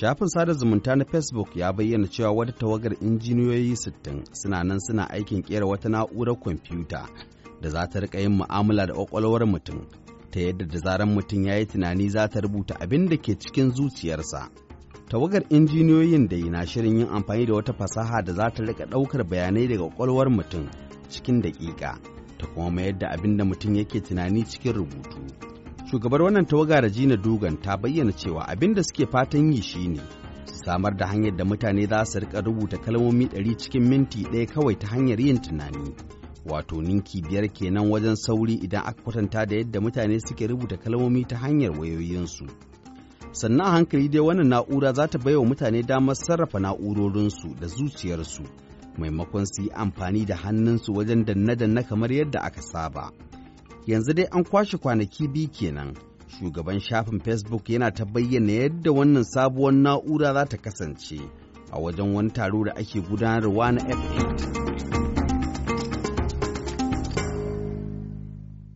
Shafin sada zumunta na Facebook ya bayyana cewa wata tawagar injiniyoyi 60 suna nan suna aikin kera wata na'urar kwamfuta da za ta riƙa yin mu'amala da kwakwalwar mutum ta yadda da zaran mutum ya yi tunani za ta rubuta abin da ke cikin zuciyarsa. Tawagar injiniyoyin da yi na shirin yin amfani da wata fasaha da za ta riƙa ɗaukar bayanai daga ƙwaƙwalwar mutum cikin daƙiƙa ta kuma mayar da abin da mutum yake tunani cikin rubutu. shugabar wannan tawaga jina Dugan ta bayyana cewa abin da suke fatan yi shine su samar da hanyar da mutane za su rika rubuta kalmomi ɗari cikin minti ɗaya kawai ta hanyar yin tunani. Wato ninki biyar kenan wajen sauri idan aka kwatanta da yadda mutane suke rubuta kalmomi ta hanyar wayoyinsu. Sannan a hankali dai wannan na'ura za ta baiwa mutane damar sarrafa na'urorinsu da zuciyarsu maimakon su yi amfani da hannunsu wajen danne-danne kamar yadda aka saba. yanzu dai an kwashe kwanaki biyu kenan shugaban shafin facebook yana ta bayyana yadda wannan sabuwar na'ura za ta kasance a wajen wani taro da ake gudanarwa na f